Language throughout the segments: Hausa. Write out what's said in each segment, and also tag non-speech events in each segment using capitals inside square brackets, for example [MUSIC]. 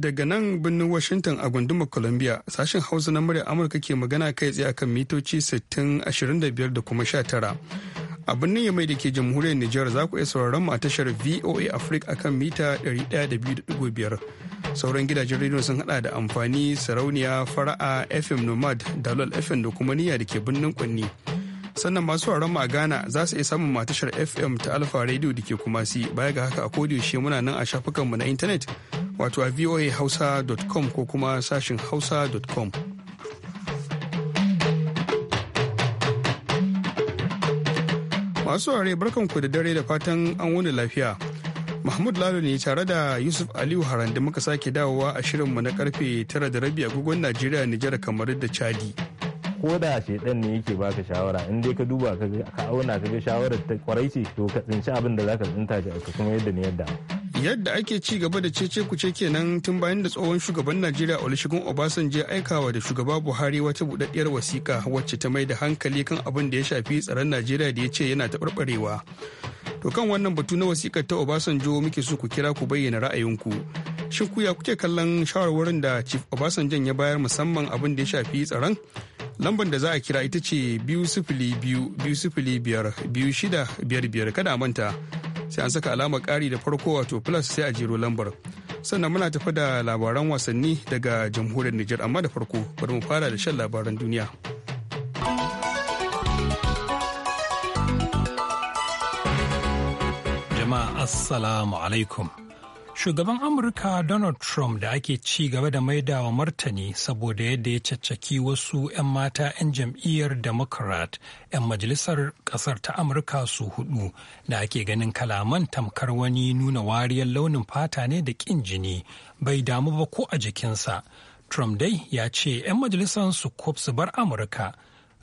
daga nan birnin Washington a gundumar Columbia sashen Hausa na murya Amurka ke magana kai tsaye akan mitoci 6025 da kuma 19. A birnin Yamai da ke jamhuriyar Nijar za ku iya sauraron mu a tashar VOA Africa akan mita 102.5. Sauran gidajen rediyo sun hada da amfani sarauniya fara'a FM Nomad, Dalol FM da kuma niyya da ke birnin kunni. sannan masu sauraron a Ghana za su iya samun matashar FM ta Alfa Radio da ke kuma si baya ga haka a yaushe muna nan a shafukanmu na intanet wato a voahausa.com ko kuma sashin hausa.com. Masu barkan barkanku da dare da fatan an wuni lafiya. Mahmud Lalo ne tare da Yusuf Aliyu Haran da muka sake dawowa a shirinmu na karfe 9 da rabi agogon Najeriya, Nijar, kamar da Chadi. ko da shi shedan ne yake baka shawara in dai ka duba ka ka auna ka ga shawarar ta kwarai ce to ka tsinci abin da zaka tsinta ka kuma yadda ne yadda yadda ake ci gaba da cece kuce kenan tun bayan da tsohon shugaban najeriya olusegun obasanjo ya aikawa da shugaba buhari wata budaddiyar wasiƙa wacce ta mai da hankali kan abin da ya shafi tsaron najeriya da ya ce yana taɓarɓarewa to kan wannan batu na wasiƙar ta obasanjo muke so ku kira ku bayyana ra'ayinku shin ku ya kuke kallon shawarwarin da chief obasanjo ya bayar musamman abin da ya shafi tsaron Lambar da za a kira ita ce biyu sifili biyu biyu sifili biyar biyu shida biyar biyar kada manta sai an saka alamar ƙari da farko wato plus sai a jero lambar. Sannan muna tafi da labaran wasanni daga jamhuriyar Nijar amma da farko bari mu fara da shan labaran duniya. Jama'a Assalamu alaikum. Shugaban Amurka Donald Trump da ake ci gaba da maidawa martani saboda yadda ya caccaki wasu 'yan mata 'yan jam'iyyar Democrat 'yan majalisar ƙasar ta Amurka su hudu da ake ganin kalaman tamkar wani nuna wariyar launin fata ne da ƙin jini bai damu ba ko a jikinsa. Trump dai ya ce 'yan majalisar su su bar Amurka.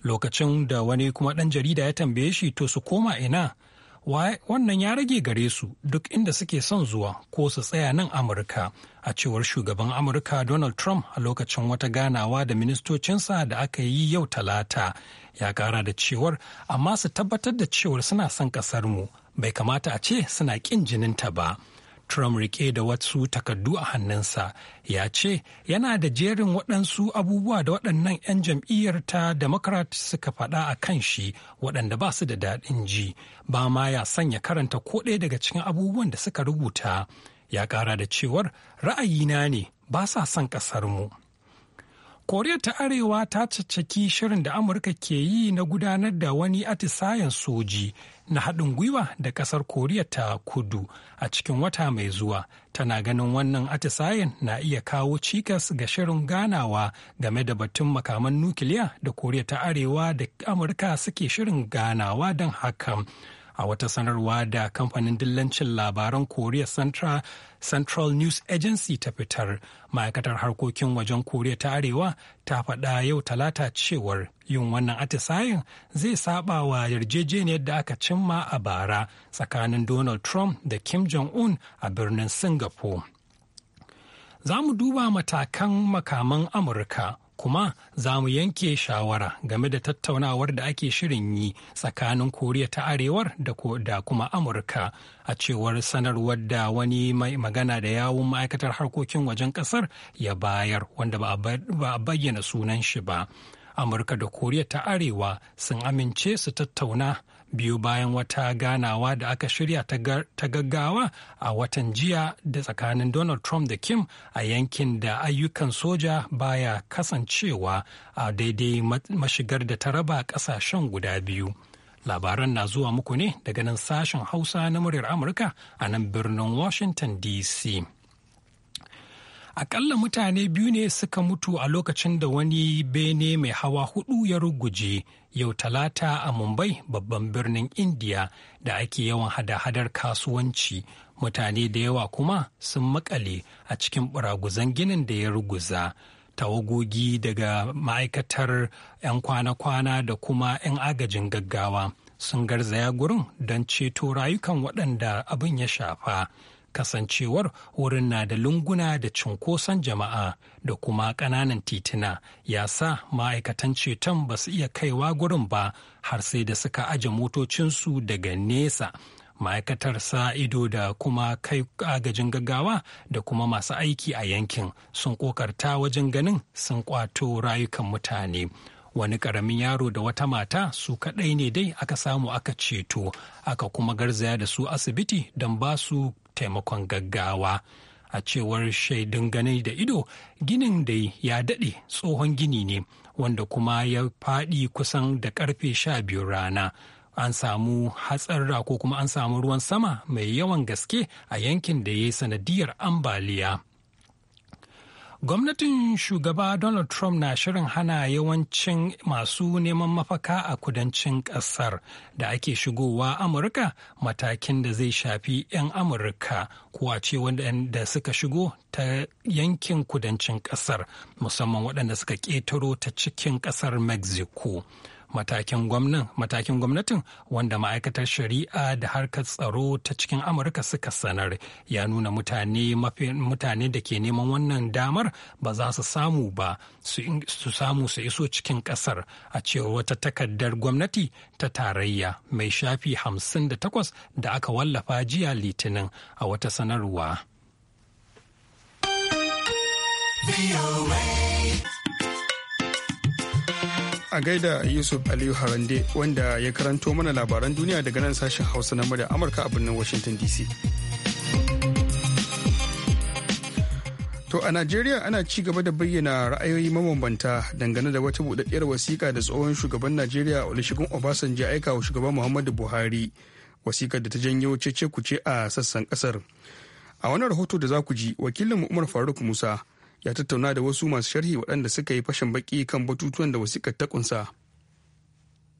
Lokacin da wani kuma ɗan jarida ya tambaye shi to su koma ina. wannan ya rage gare su duk inda suke son zuwa ko su tsaya nan amurka a cewar shugaban amurka donald trump a lokacin wata ganawa da ministocinsa da aka yi yau talata ya kara da cewar amma su tabbatar da cewar suna son kasarmu bai kamata a ce suna ƙin jininta ba. Trump rike da wasu takardu a hannunsa ya ce yana da jerin waɗansu abubuwa da waɗannan 'yan jam'iyyar ta Democrat suka faɗa a kan shi waɗanda ba su da daɗin ji ba ma ya sanya karanta ko ɗaya daga cikin abubuwan da suka rubuta ya ƙara da cewar ra'ayina ne ba sa son ƙasarmu. mu. koriya ta arewa ta caccaki shirin da amurka ke yi na gudanar da wani atisayen soji na haɗin gwiwa da ƙasar koriya ta kudu a cikin wata mai zuwa tana ganin wannan atisayen na iya kawo cikas ga shirin ganawa game da batun makaman nukiliya da koriya ta arewa da amurka suke shirin ganawa don hakan a wata sanarwa da kamfanin dillancin labaran koriya central, central news agency ta fitar ma'aikatar harkokin wajen koriya ta arewa ta faɗa yau talata cewar yin wannan atisayen zai saba wa yarjejeniyar da aka cimma a bara tsakanin donald trump da kim jong-un a birnin singapore za mu duba matakan makaman amurka kuma za mu yanke shawara game da tattaunawar da ake shirin yi tsakanin koriya ta arewar da kuma amurka a cewar sanarwar da wani mai magana da yawun ma'aikatar harkokin wajen kasar ya bayar wanda ba a bayyana sunan shi ba amurka da koriya ta arewa sun amince su tattauna biyu bayan wata ganawa da aka shirya ta gaggawa a watan jiya da tsakanin Donald Trump da Kim a yankin da ayyukan soja baya kasancewa a daidai mashigar da ta raba ƙasashen guda biyu. Labaran na zuwa muku ne daga nan sashen Hausa na muryar Amurka a nan birnin Washington DC. Akalla mutane biyu ne suka mutu a lokacin da wani bene mai hawa hudu ya ruguje yau talata a Mumbai babban birnin India da ake yawan hada-hadar kasuwanci. Mutane da yawa kuma sun makale a cikin buraguzan ginin da ya ruguza. Tawagogi daga ma'aikatar 'yan kwana-kwana da kuma 'yan agajin gaggawa sun garzaya gurin don ceto rayukan waɗanda abin ya shafa. kasancewar wurin na da lunguna da cunkoson jama'a da kuma ƙananan tituna, ya sa ma'aikatan ceton ba su iya kaiwa gurin ba har sai da suka aje motocinsu daga nesa ma'aikatar sa ido da kuma kai agajin gaggawa da kuma masu aiki a yankin sun ƙoƙarta wajen ganin sun ƙwato rayukan mutane wani ƙaramin yaro da wata mata su kaɗai ne dai aka samu aka ceto aka kuma garzaya da su asibiti don ba su taimakon gaggawa a cewar shaidun ganai da ido ginin da ya daɗe tsohon gini ne wanda kuma ya faɗi kusan da ƙarfe sha biyu rana an samu hatsarra ko kuma an samu ruwan sama mai yawan gaske a yankin da ya yi sanadiyar ambaliya. Gwamnatin shugaba Donald Trump na shirin hana yawancin masu neman mafaka a kudancin ƙasar da ake shigowa Amurka matakin da zai shafi 'yan Amurka ko ce waɗanda suka shigo ta yankin kudancin ƙasar musamman waɗanda suka ƙetaro ta cikin ƙasar Mexico. matakin gwamnan matakin gwamnatin wanda ma'aikatar shari'a da harkar tsaro ta cikin amurka suka sanar ya nuna mutane da ke neman wannan damar ba za su samu ba su samu su iso cikin kasar a cewar wata takardar gwamnati ta tarayya mai shafi 58 da aka wallafa jiya litinin a wata sanarwa. a gaida Yusuf Aliyu Harande wanda ya karanto mana labaran duniya daga nan sashen Hausa na mada Amurka a birnin Washington DC. To a Najeriya ana ci gaba da bayyana ra'ayoyi mabambanta dangane da wata budaddiyar wasiƙa da tsohon shugaban Najeriya Olusegun Obasanjo ya aika wa shugaban Muhammadu Buhari wasiƙar da ta janyo cece kuce a sassan ƙasar. A wani rahoto da za ku ji wakilin Umar Faruk Musa ya tattauna da wasu masu sharhi waɗanda suka yi fashin baki kan batutuwan da wasikar ta kunsa.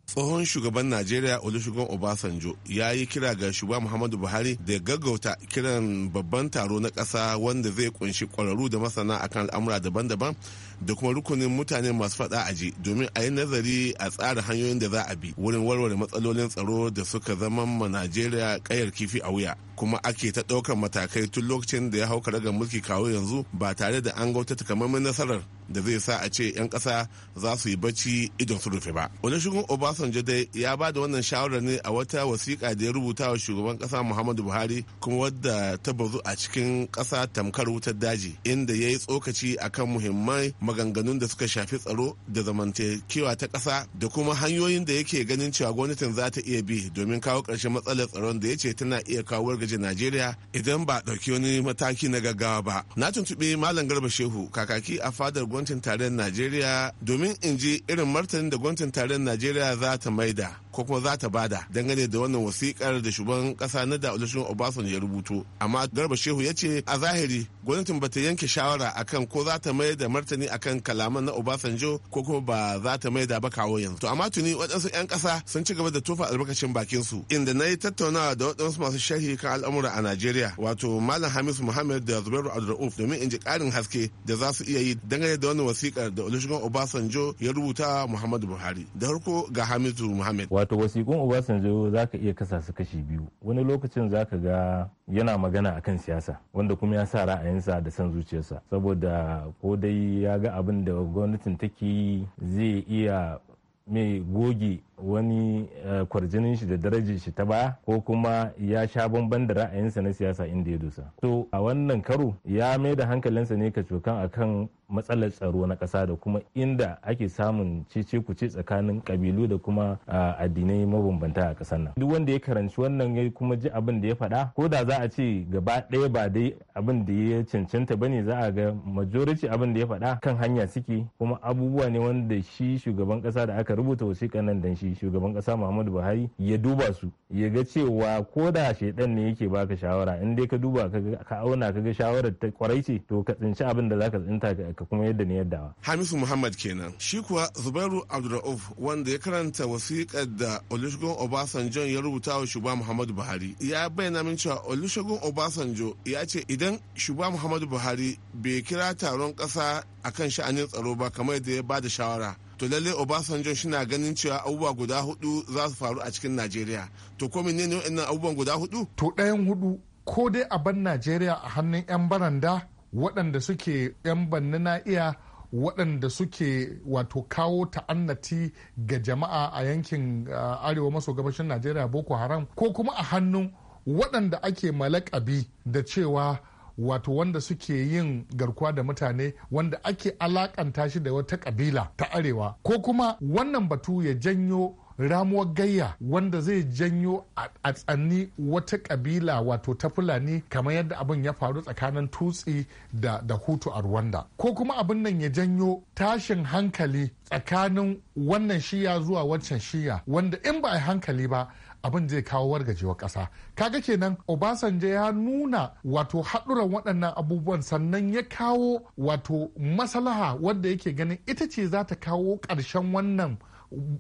tsohon shugaban najeriya olusegun obasanjo ya yi kira ga shugaba muhammadu buhari da gaggauta kiran babban taro na ƙasa wanda zai kunshi ƙwararru da masana akan al'amura daban-daban da kuma rukunin mutane masu faɗa aji domin a yi nazari a tsara hanyoyin da za a bi wurin warware matsalolin tsaro da suka zama ma najeriya kayar kifi a wuya kuma ake ta ɗaukar matakai tun lokacin da ya hau karagar mulki kawo yanzu ba tare da an gauta takamaiman nasarar da zai sa a ce 'yan ƙasa za su yi bacci idon su rufe ba. Olusegun Obasanjo dai ya ba da wannan shawarar ne a wata wasiƙa da ya rubuta wa shugaban ƙasa Muhammadu Buhari kuma wadda ta bazu a cikin ƙasa tamkar wutar daji inda ya yi tsokaci akan muhimman maganganun da suka shafi tsaro da zamantakewa ta ƙasa da kuma hanyoyin da yake ganin cewa gwamnatin za ta iya bi domin kawo ƙarshen matsalar tsaron da ya ce tana iya kawo wargaje Najeriya idan ba ɗauki wani mataki na gaggawa ba. Na tuntuɓi Malam Garba Shehu kakaki a fadar gwamnatin tarayyar Najeriya domin in ji irin martanin da gwamnatin tarayyar Najeriya za ta maida ko kuma za ta bada dangane da wannan wasikar da shugaban ƙasa na da Olusegun Obasanjo ya rubuto. Amma Garba Shehu ya ce a zahiri gwamnatin ba ta yanke shawara akan ko za ta maida martani akan kalaman na Obasanjo ko kuma ba za ta maida ba kawo yanzu. To amma tuni waɗansu 'yan ƙasa sun ci gaba da tofa albarkacin bakin su inda na yi tattaunawa da waɗansu masu sharhi kan al'amura a Najeriya wato Malam Hamis Muhammad da Zubairu Abdulrauf domin in ji ƙarin haske da za su iya yi dangane da wani wasiƙar da Olusegun Obasanjo ya rubuta Muhammadu Buhari. Da harko ga Hamisu Muhammad. Wato wasiƙun Obasanjo za ka iya kasa su kashi biyu. Wani lokacin za ka ga yana magana akan siyasa wanda kuma ya sa ra'ayinsa da son zuciyarsa saboda ko dai ya ga. ga abin da gwamnatin take yi zai iya mai goge wani eh, kwarjinin shi da darajar shi ta baya ko kuma ya sha bamban da ra'ayinsa na siyasa inda ya dusa. to a wannan karo ya mai da hankalinsa ne ka cokan kan matsalar tsaro na ƙasa da kuma inda ake samun cece kuce tsakanin ƙabilu da kuma eh, addinai mabambanta a ƙasar nan duk wanda ya karanci wannan ya kuma ji abin da ya faɗa ko da za a ce gaba ɗaya ba dai abin da ya cancanta ba ne za a ga majority abin da ya faɗa kan hanya suke kuma abubuwa ne wanda shi shugaban ƙasa da aka rubuta wasiƙa nan dan shi shugaban kasa muhammadu buhari ya duba su ya ga cewa ko da shaidan ne yake baka shawara in dai ka duba ka auna ka ga shawarar ta kwarai ce to ka tsinci abin da zaka tsinta ka kuma yadda ne yaddawa hamisu muhammad kenan shi kuwa zubairu abdurrauf wanda ya karanta wasiƙar da olusegun obasanjo ya rubuta wa shugaba muhammadu buhari ya bayyana min cewa olusegun obasanjo ya ce idan shugaba muhammadu buhari bai kira taron kasa akan sha'anin tsaro ba kamar yadda ya bada shawara to lalle obasanjo shina ganin cewa abubuwa guda hudu za su faru a cikin najeriya to ko menene wa'annan abubuwan guda hudu to ɗayan hudu ko dai a ban najeriya a hannun yan baranda waɗanda suke yan banni na iya waɗanda suke wato kawo ta'annati ga jama'a a yankin arewa maso gabashin najeriya boko haram ko kuma a hannun waɗanda ake malakabi da cewa wato wanda suke yin garkuwa da mutane wanda ake alakanta shi da wata kabila ta arewa ko kuma wannan batu ya janyo ramuwar gayya wanda zai janyo a tsanni wata kabila wato ta fulani kamar yadda abin ya faru tsakanin tutsi da, da hutu a rwanda ko kuma abin nan ya janyo tashin hankali tsakanin wannan shiya zuwa wancan shiya wanda in ba a hankali ba abin zai kawo wargajewar kasa kaga kenan obasanjo ya nuna wato haɗuran waɗannan abubuwan sannan ya kawo wato masalaha wadda yake ganin ita ce za ta kawo karshen wannan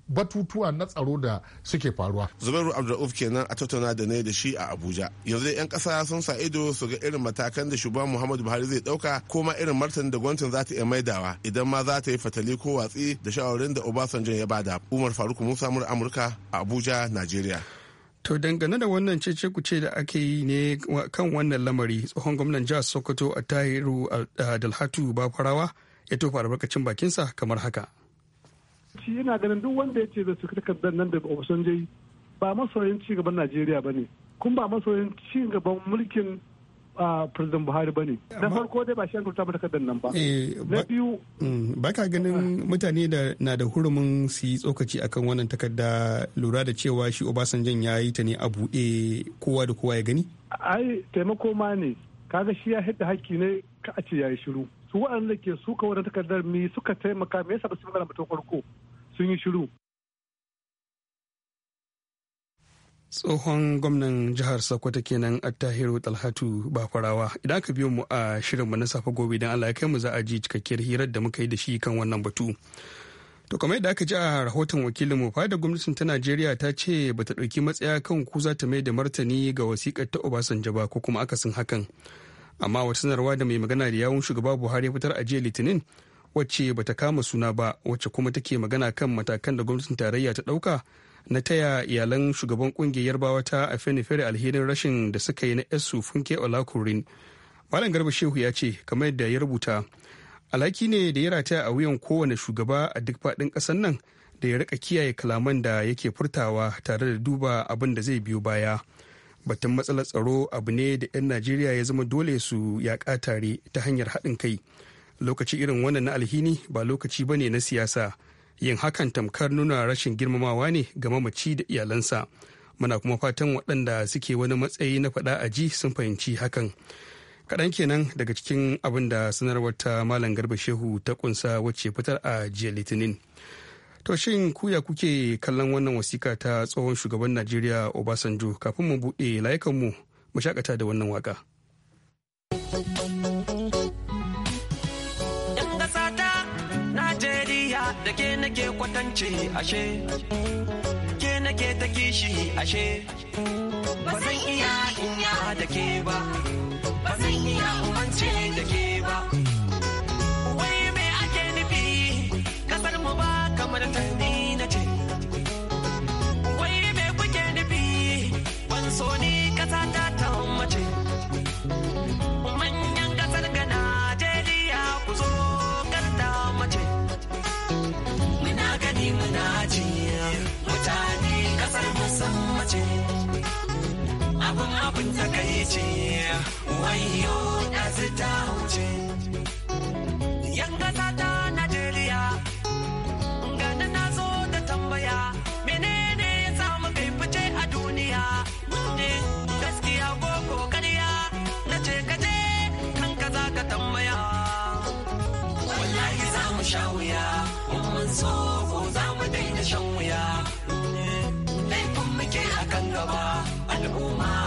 batutuwa na tsaro da suke faruwa. Zubairu Abdul'uf kenan a tattauna da ne da shi a Abuja. Yanzu dai 'yan ƙasa sun sa ido su ga irin matakan da shugaban Muhammadu Buhari zai ɗauka ko ma irin martanin da gwamnatin za ta iya maidawa idan ma za ta yi fatali ko watsi da shawarin da Obasanjo ya bada. Umar Faruk Musa Amurka a Abuja, Najeriya. To dangane da wannan cece kuce da ake yi ne kan wannan lamari tsohon gwamnan jihar Sokoto a Tahiru Dalhatu farawa ya tofa albarkacin bakinsa kamar haka. Shi yana ganin duk wanda ya ce da su takardar nan da Obasanjo ba masoyin ci gaban Najeriya ba ne, kuma ba masoyin ci gaban mulkin president buhari ba ne na farko dai ba shi an ba nan ba eh, na biyu mm, ba ka ganin mutane da na da hurumin su yi tsokaci akan wannan takarda lura da cewa shi obasanjan ya yi ta ne a buɗe kowa da kowa ya gani ai taimako ma ne kaga shi ya hidda hakki ne ka a ce ya yi shiru su waɗanda ke suka wannan takardar mi suka taimaka me yasa ba su magana ba farko sun yi shiru tsohon gwamnan jihar sokoto kenan attahiru talhatu bakwarawa idan aka biyo mu a shirinmu na safa gobe idan allah ya kai mu za a ji cikakkiyar hirar da muka yi da shi kan wannan batu to kamar yadda aka ji a rahoton wakilinmu mu fadar gwamnatin ta najeriya ta ce bata ɗauki matsaya kan ku za ta mai da martani ga wasikar ta obasanjo ba ko kuma akasin hakan amma wata sanarwa da mai magana da yawun shugaba buhari ya fitar a jiya litinin wacce bata kama suna ba wacce kuma take magana kan matakan da gwamnatin tarayya ta ɗauka na taya iyalan shugaban kungiyar bawa ta fere alherin rashin da suka yi na esu funke olakurin malam garba shehu ya ce kamar yadda ya rubuta alhaki ne da ya rataya a wuyan kowane shugaba a duk faɗin ƙasar nan da ya rika kiyaye kalaman da yake furtawa tare da duba abin da zai biyo baya batun matsalar tsaro abu ne da 'yan najeriya ya zama dole su yaƙa tare ta hanyar haɗin kai lokaci irin wannan na alhini ba lokaci ba ne na siyasa yin hakan tamkar nuna rashin girmamawa ne ga mamaci da iyalansa muna kuma fatan waɗanda suke wani matsayi na faɗa a ji sun fahimci hakan kaɗan kenan daga cikin abin da sanarwar ta malam garba shehu ta kunsa wacce fitar a jiya litinin to shin kuya kuke kallon wannan wasika ta tsohon shugaban najeriya obasanjo kafin mu buɗe layukanmu mu shakata da wannan waka. da ke nake kwatance ashe ke nake ta kishi ashe ba zan iya inya da ke ba ba zan iya umance da ke ba wai me ake nufi kasar mu ba kamar ta ni na ce wai me kuke nufi ban so ni abin abin takaici wayo da su ta yan gasa ta najeriya gani na zo da tambaya menene ya samu kai fice a duniya gaskiya ko kokariya na ce kaje kan ka za ka tambaya wallahi za mu sha wuya mun so ko za mu daina shan wuya laifin muke kan gaba al'umma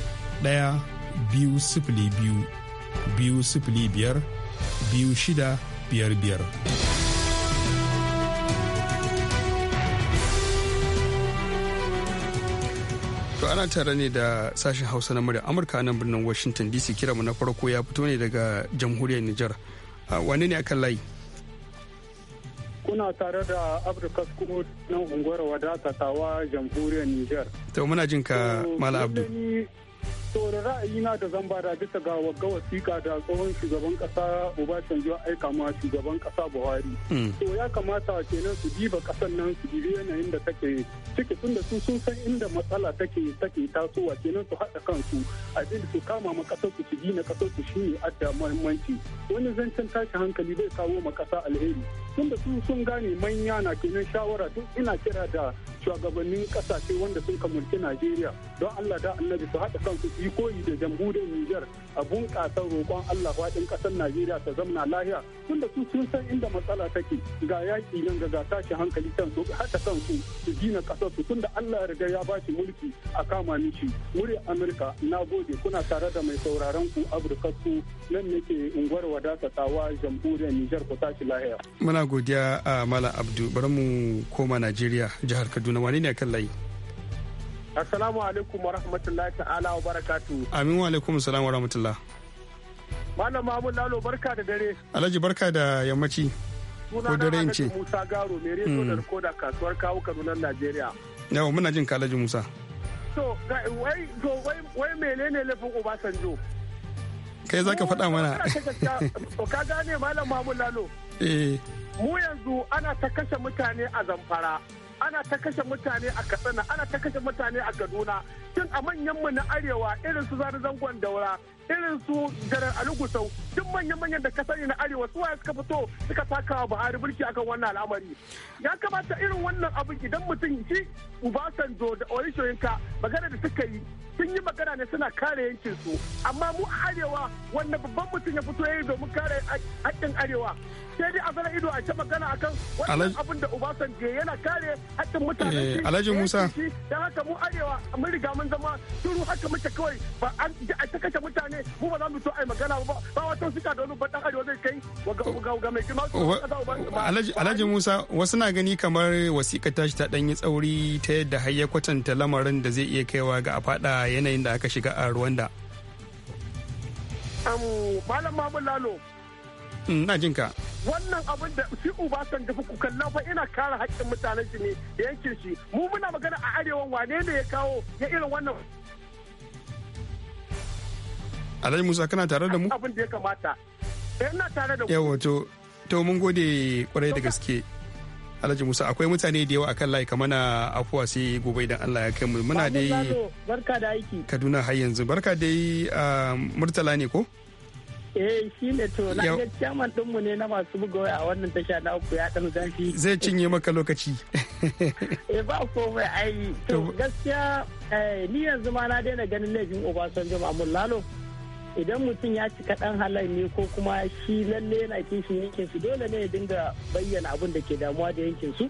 ɗaya biyu sifili biyu biyu sifili biyar biyu shida biyar biyar. To ana tare ne da sashen Hausa na murya Amurka nan birnin Washington DC kira mu na farko ya fito ne daga jamhuriyar Nijar. Ah, wane ne akan layi? Kuna tare da Abdu Kasko nan unguwar wadata tawa jamhuriyar Nijar. To muna jin ka Mala Abdu. to da na da zan bada bisa ga wagga wasiƙa da tsohon shugaban ƙasa Obasanjo aika ma shugaban ƙasa Buhari. Mm. To ya kamata kenan su diba ƙasar nan su dibi yanayin da take ciki tun da sun san inda matsala take take tasowa kenan su haɗa kansu a su kama ma ƙasar su ciki gina ƙasar su shine da muhimmanci. Wani zancen tashi hankali zai kawo ma ƙasa alheri. Tun da su sun gane manya na kenan shawara duk ina kira da shugabannin ƙasashe wanda sun kamarci Najeriya don Allah da annabi su haɗa kansu ikoyi da jamhuriyar Nijar a bunƙasa roƙon Allah faɗin ƙasar Najeriya ta zamana lahiya tunda su sun san inda matsala take ga yaƙi nan ga tashi hankali kan su haka kan su su gina ƙasar su tunda Allah ya riga ya ba shi mulki a kama mishi muri Amerika na gode kuna tare da mai sauraron ku Afirka su nan nake unguwar wadatatawa jamhuriyar Nijar ku tashi lahiya. Muna godiya a ah, Malam Abdu bari mu koma Najeriya jihar Kaduna wani ne kan layi. Assalamu alaikum wa rahmatullahi ta'ala wa barakatu. Amin wa alaikum salam wa rahmatullah. Malam Mahmud Lalo barka da dare. Alhaji barka da yammaci. Ko dare in ce. Musa Garo mai reto hmm. da rikoda kasuwar kawo Kaduna Najeriya. Yawa muna jin ka Alhaji Musa. To wai to wai menene laifin Obasanjo? Kai zaka faɗa mana. To ka gane Malam Mahmud Lalo. [LAUGHS] Eh. Mu yanzu ana ta kashe mutane a zamfara. ana ta kashe mutane a katsina ana ta kashe mutane a kaduna tun a manyanmu na arewa irin su zani zangon daura irin su jarar alugusau duk manya manyan da ka sani na arewa su suka fito suka taka wa buhari mulki akan wannan al'amari ya kamata irin wannan abin idan mutum shi ubasanjo da orishoyinka magana da suka yi sun yi magana ne suna kare yankin su amma mu arewa wannan babban mutum ya fito yi domin kare haƙƙin arewa sai dai a zara ido a ce magana akan wannan abin da Obasanjo yana kare haƙƙin mutanen eh, shi Musa Da haka mu arewa mun riga mun zama turu haka muke kawai ba an a ta kashe mutane mu ba za mu so ai magana ba ba da wani kai ga alhaji musa wasu na gani kamar wasiƙa shi ta yi tsauri ta yadda har kwatanta lamarin da zai iya kaiwa ga a faɗa yanayin da aka shiga a rwanda malam mamun lalo mm, na jin ka wannan abin da shi uba san dafa ku kalla fa ina kare haƙƙin mutanen shi ne yankin shi mu muna magana a arewa wane ne ya kawo ya irin wannan Alhaji Musa kana tare da mu? Abin da ya kamata. Eh, ina tare da mu. Yawa to to mun gode kwarai da gaske. Alhaji Musa akwai mutane da yawa akan layi kamar na afuwa sai gobe idan Allah ya kai mu. Muna dai barka da aiki. Kaduna har yanzu barka dai ah, Murtala ne ko? Eh shi ne to na ga chairman dinmu ne na masu buga a wannan tasha na uku ya dan zafi. Zai cinye maka lokaci. [LAUGHS] Eh ba komai ai to gaskiya eh, ni yanzu ma na daina ganin laifin Obasanjo Mamun Lalo. idan mutum ya cika dan halar ne ko kuma shi lalle yana kishin yankin su dole ne ya dinga bayyana abin da ke damuwa da yankin su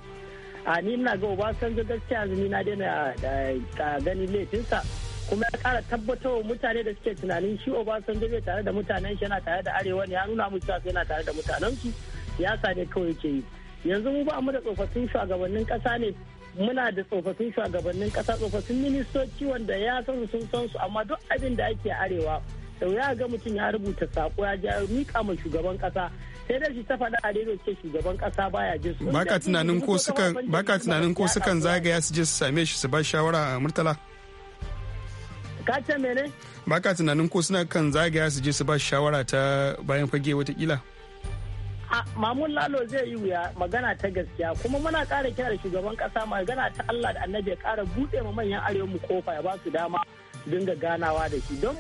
a ni ina ga obasanjo gaskiya yanzu ni na daina ganin laifinsa kuma ya kara tabbatar wa mutane da suke tunanin shi obasanjo bai tare da mutanen shi yana tare da arewa ne ya nuna musu cewa yana tare da mutanen su siyasa ne kawai ke yi yanzu mu ba mu da tsofaffin shugabannin kasa ne muna da tsofaffin shugabannin kasa tsofaffin ministoci wanda ya san su sun san su amma duk abin da ake arewa sau ya ga mutum ya rubuta sako ya ja mika ma shugaban kasa sai dai shi ta faɗa a daidai ce shugaban kasa baya jin su baka tunanin ko suka baka tunanin ko sukan zagaya su je su same shi su ba shawara a murtala ka ce mene baka tunanin ko suna kan zagaya su je su ba shawara ta bayan fage watakila mamun lalo zai yi wuya magana ta gaskiya kuma muna ƙara kira da shugaban ƙasa magana ta allah da annabi ya ƙara buɗe ma manyan arewa mu kofa ya ba su dama dinga ganawa da shi don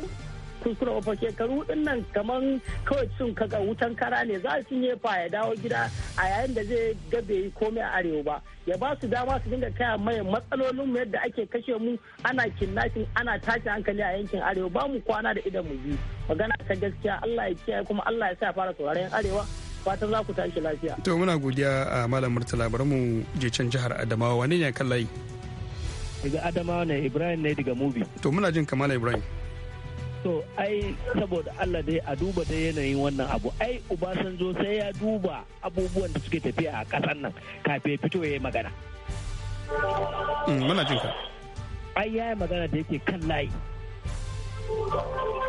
kuskure ba shekaru din nan kaman kawai sun kaga wutan kara ne za su yi fa ya dawo gida a yayin da zai gabe yi komai a arewa ba ya ba su dama su dinga kaya mai matsalolin mu yadda ake kashe mu ana kinnashin ana tashi hankali a yankin arewa ba mu kwana da idan mu biyu magana ta gaskiya Allah ya kiyaye kuma Allah ya sa fara tsoron arewa fatan za ku tashi lafiya. To muna godiya a Malam Murtala bari mu je can jihar Adamawa wane ne kan layi? Daga Adamawa ne Ibrahim ne daga Mubi. To muna jin kamala Ibrahim. to ai saboda allah dai a duba da yanayin wannan abu ai ubasanjo sai ya duba abubuwan da suke tafiya a ƙasar nan kafin fito ya yi magana mm, muna jinka ai ya yi magana da yake kan layi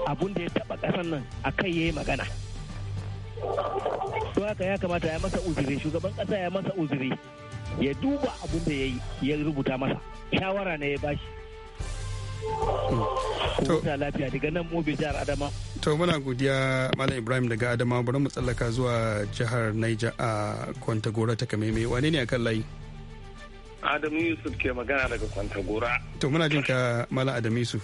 abun da ya taba ƙasar nan a kai ya yi magana to haka ya kamata ya masa uzuri shugaban ƙasa ya masa uzuri ya duba abun da ya yi ya rubuta masa shawara ne ya bashi huta daga nan jihar adama to muna godiya malam ibrahim daga adama bari mu tsallaka zuwa jihar naija a kwantagora ta kameme wane ne akan layi adamu yusuf ke magana daga kwantagora to muna jin ka malam adamu yusuf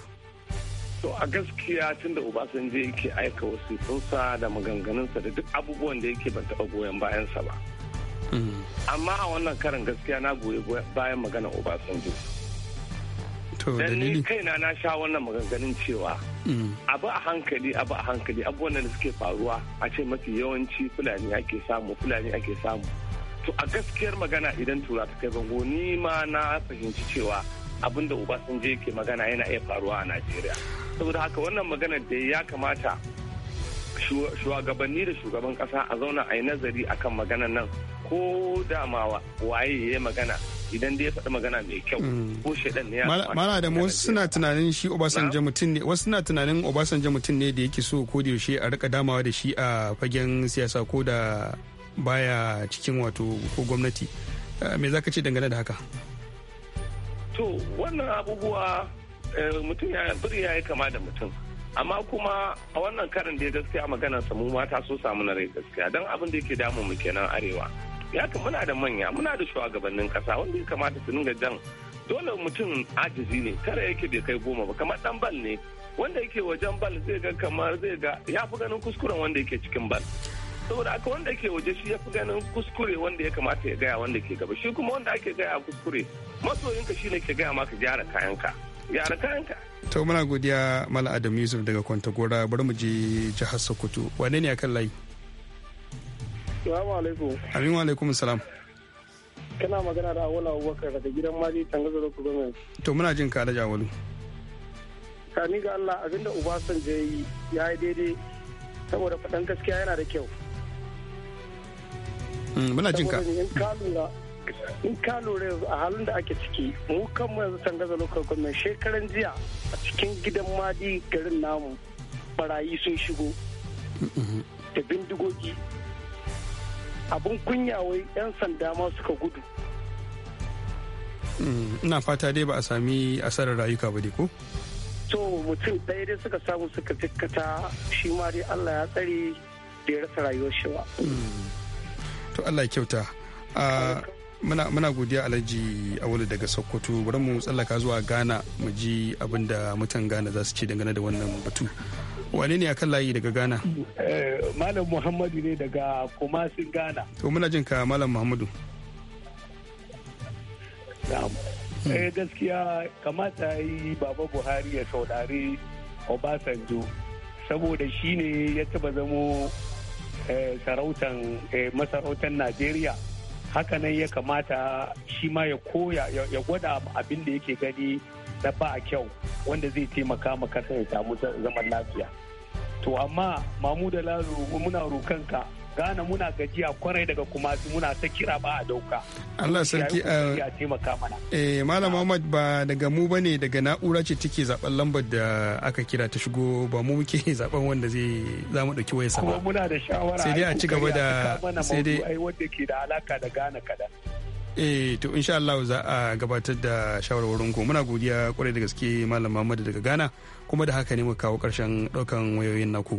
to a gaskiya tun da obasanjo yake aika wasiƙunsa da maganganunsa da duk abubuwan da yake ban taɓa goyon bayansa ba hmm. amma a wannan karin gaskiya na goyi bayan magana obasanjo Dan ni kaina na sha wannan maganganun cewa hmm. abu a hankali abu a hankali abubuwan da suke faruwa a ce mafi yawanci fulani ake samu fulani ake samu. To a gaskiyar magana idan tura ta kai bango ni ma na fahimci cewa abin da Obasanjo yake magana yana iya faruwa a Najeriya. Saboda haka wannan maganar da ya kamata shugabanni da shugaban kasa a zauna a yi nazari akan maganar nan ko damawa waye ya yi magana idan dai ya faɗi magana mai kyau mm. ko shaidan ne ya mala da wasu suna tunanin shi obasanjo mutum ne wasu suna tunanin obasanjo mutum ne da yake so ko da yaushe a rika damawa da shi a fagen siyasa ko da baya cikin wato ko gwamnati eh, me za ka ce dangane da haka to wannan abubuwa eh, mutum ya biri ya yi kama da mutum amma kuma a wannan karin da ya gaskiya magana samu mata so samu na rai gaskiya don abin da yake damu mu kenan arewa ya ka muna da manya muna da shugabannin kasa wanda ya kamata su dinga jan dole mutum ajizi ne kare yake bai kai goma ba kamar dan bal ne wanda yake wajen bal zai ga kamar zai ga ya fi ganin kuskuren wanda yake cikin bal saboda aka wanda yake waje shi ya fi ganin kuskure wanda ya kamata ya gaya wanda ke gaba shi kuma wanda ake gaya kuskure masoyinka shi ne ke gaya maka gyara kayanka gyara kayanka to muna godiya mala adam yusuf daga kwantagora bari mu je jihar sokoto wane ne akan layi Salamu alaikum. Amin wa alaikum salam. Kana magana da Awala Abubakar daga gidan Mali Tangazo da Kugomen. To muna jin ka da Jawalu. Kani ga Allah abinda san ya yi ya yi daidai saboda faɗan gaskiya yana da kyau. Mm, muna jin ka. In ka lura yanzu a halin da ake ciki mu mu yanzu da Local Government shekaran jiya a cikin gidan Mali garin namu barayi sun shigo mm-hmm. da bindigogi abin kunya wai 'yan sanda ma suka gudu hmm, ina fata dai ba a sami asarar rayuka ba dai ko to mutum ɗaya dai suka samu suka tikkata shi ma dai allah ya tsare da ya rasa rayuwar shi ba hmm. to allah kyauta ah, muna muna godiya alhaji awali daga sokoto bari mu tsallaka zuwa ghana mu ji abin da mutan ghana za su ce dangane da wannan batu wane ne akan layi daga ghana eh, malam muhammadu ne daga kumasin ghana to muna jin ka malam muhammadu hmm. eh, gaskiya kamata yi baba buhari ya saurari obasanjo saboda shi ne ya taba zamo eh, sarautan masarautar najeriya haka nan ya kamata shi ma ya koya ya gwada abin da yake gani na ba kyau wanda zai taimaka maka kasa ya samu zaman lafiya to amma mamu da lalo muna rokanka Ghana muna gajiya kwarai daga kuma muna ta kira ba a dauka. Allah sarki eh, a taimaka mana. Eh Malam Muhammad ba daga mu bane daga na'ura ce take zaben lambar da aka kira ta shigo ba mu muke [LAUGHS] zaben wanda zai za mu dauki sa ba. muna da shawara. Sai dai a ci gaba da sai dai ai wanda ke da alaka da gane kada. Eh to insha Allah za a gabatar da shawarwarin ku muna godiya kwarai da gaske Malam Muhammad daga Ghana kuma da haka ne muka kawo karshen daukan wayoyin naku.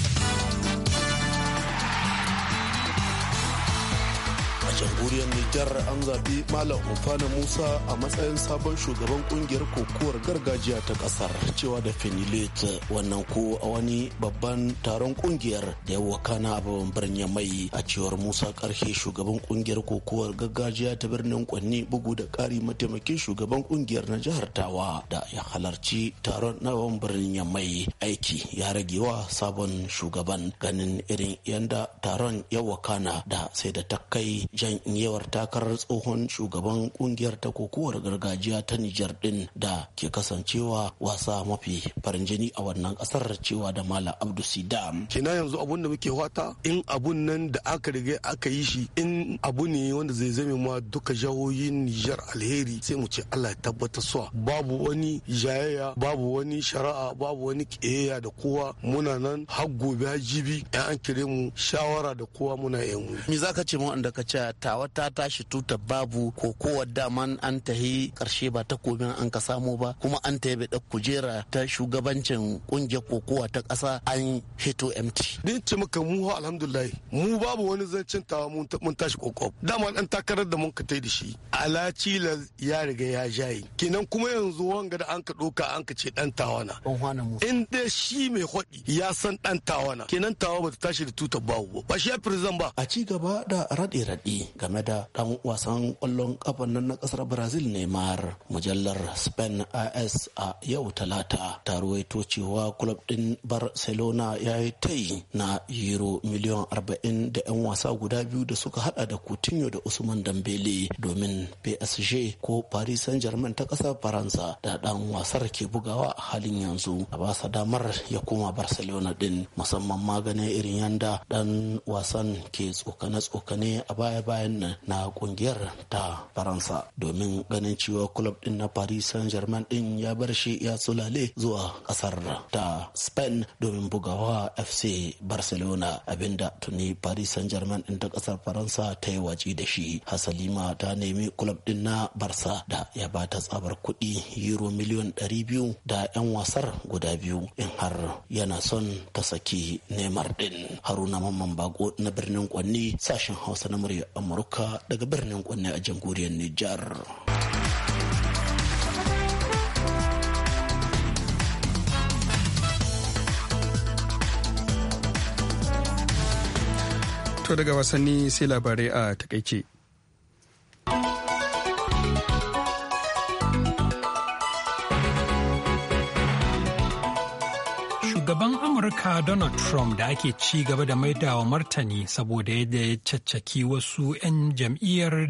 jamhuriyar nijar an zaɓi malam umfana musa a matsayin sabon shugaban kungiyar kokowar gargajiya ta ƙasar cewa da finilet wannan ko a wani babban taron kungiyar da ya wakana a babban birnin mai a cewar musa karshe shugaban kungiyar kokowar gargajiya ta birnin kwanni bugu da ƙari mataimakin shugaban kungiyar na jihar tawa da ya halarci taron na babban birnin mai aiki ya rage wa sabon shugaban ganin irin yanda taron ya wakana da sai da ta janyewar takarar tsohon shugaban kungiyar ta kokowar gargajiya ta Nijar din da ke kasancewa wasa mafi farin jini a wannan kasar cewa da mala Abdu Sidam. Kina yanzu abun da muke wata in abun nan da aka riga aka yi shi in abu ne wanda zai zame ma duka jahohin Nijar alheri sai mu ce Allah ya tabbatar suwa babu wani jayayya babu wani shari'a babu wani kiyayya da kowa muna nan har gobe har jibi an kire mu shawara da kowa muna yan mu. Me zaka ce mu wanda ka ce ta tawa ta tashi tuta babu kokowar daman an tahi karshe ba ta komin an ka samu ba kuma an ta yabe kujera ta shugabancin kungiyar kokowa ta kasa an hito mt. Din ce maka mu alhamdulillah mu babu wani zancen tawa mun tashi kokop dama an takarar da mun ka tai da shi alaci ya riga ya jaye kenan kuma yanzu wanga da an ka doka an ka ce dan tawana. In dai shi mai hodi ya san dan tawana kenan tawa ba ta tashi da tuta bawu ba ba shi ya firzan ba. A ci gaba da raɗe-raɗe game da dan wasan kwallon kafa nan na kasar brazil neymar mujallar spain as a yau talata ta ruwaito cewa club din barcelona ya yi tai na euro miliyan 40 da 'yan wasa guda biyu da suka hada da coutinho da usman dambele domin psg ko paris saint germain ta kasar faransa da dan wasar ke bugawa a halin yanzu a ba sa damar ya koma barcelona din musamman maganin irin yanda dan wasan ke tsokane-tsokane a baya bayan nan na kungiyar ta faransa domin ganin cewa club din na paris saint germain din ya bar shi ya sulale zuwa kasar ta spain domin bugawa fc barcelona abinda tuni paris saint germain din ta kasar faransa ta yi waje da shi hasalima ta nemi club din na barsa da ya ba ta tsabar kuɗi euro miliyon 200 da 'yan wasar guda biyu in har yana son ta saki neymar din haruna mamman bako na birnin kwanni sashen hausa na murya amurka daga birnin kwanne a jamhuriyar nijar to daga wasanni sai labarai a takaice Amurka Donald Trump da ake ci gaba da maidawa martani saboda yadda ya caccaki wasu 'yan jam'iyyar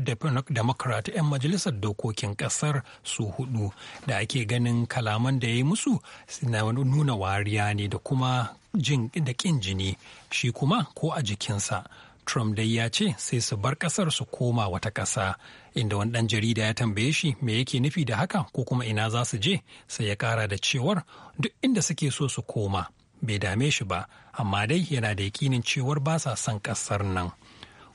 Democrat 'yan majalisar dokokin kasar su hudu da ake ganin kalaman da ya yi musu suna nuna wariya ne da kuma jin da kin jini shi kuma ko a jikinsa. Trump dai ya ce sai su bar kasar su koma wata ƙasa inda wani dan jarida ya tambaye shi me yake nufi da haka ko kuma ina za su je sai ya kara da cewar duk inda suke so su koma. bai dame shi ba amma dai yana da yakinin cewar ba sa son ƙasar nan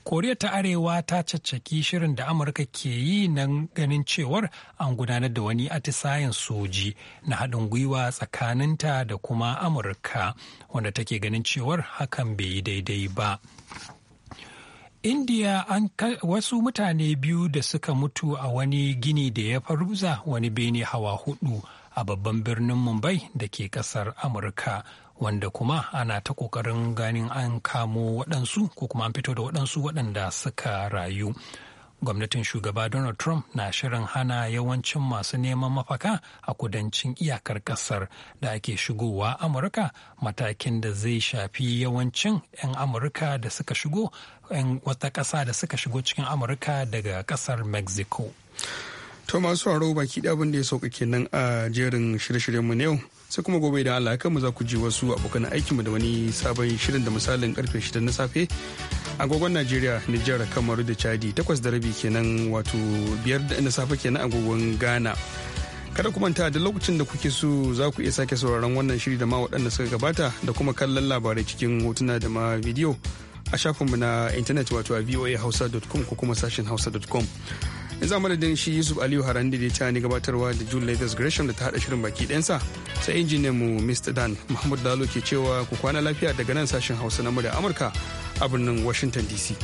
koriya ta arewa ta caccaki shirin da amurka ke yi nan ganin cewar an gudanar da wani atisayen soji na haɗin gwiwa tsakaninta da kuma amurka wanda take ganin cewar hakan bai yi daidai ba indiya an wasu mutane biyu da suka mutu a wani gini da ya faruza wani bene hawa hudu a babban birnin mumbai da ke kasar amurka wanda kuma ana ta kokarin ganin an kamo waɗansu ko kuma an fito da waɗansu waɗanda suka rayu. Gwamnatin shugaba Donald Trump na shirin hana yawancin masu neman mafaka a kudancin iyakar ƙasar da ake shigowa Amurka matakin da zai shafi yawancin 'yan Amurka da suka shigo 'yan wata ƙasa da suka shigo cikin Amurka daga ƙasar Mexico. To masu haro baki da abin da ya sauka nan a jerin shirye-shiryenmu na yau sai kuma gobe da Allah kanmu za ku ji wasu abokan aikinmu da wani sabon shirin da misalin karfe 6 na safe agogon Najeriya Nijar kamar da Chadi 8 da rabi kenan wato 5 na safe kenan agogon Ghana kada ku manta da lokacin da kuke so za ku iya sake sauraron wannan shiri da ma waɗanda suka gabata da kuma kallon labarai cikin hotuna da ma bidiyo a shafinmu na intanet wato a voahausa.com ko kuma sashen hausa.com yanzu madadin shi yusuf aliyu harandi da ya gabatarwa da june latest gresham da ta hada shirin baki ɗansa sai injiniyan mu mr dan mahmud dalo ke cewa ku kwana lafiya daga nan sashen hausa na murya amurka a birnin washington dc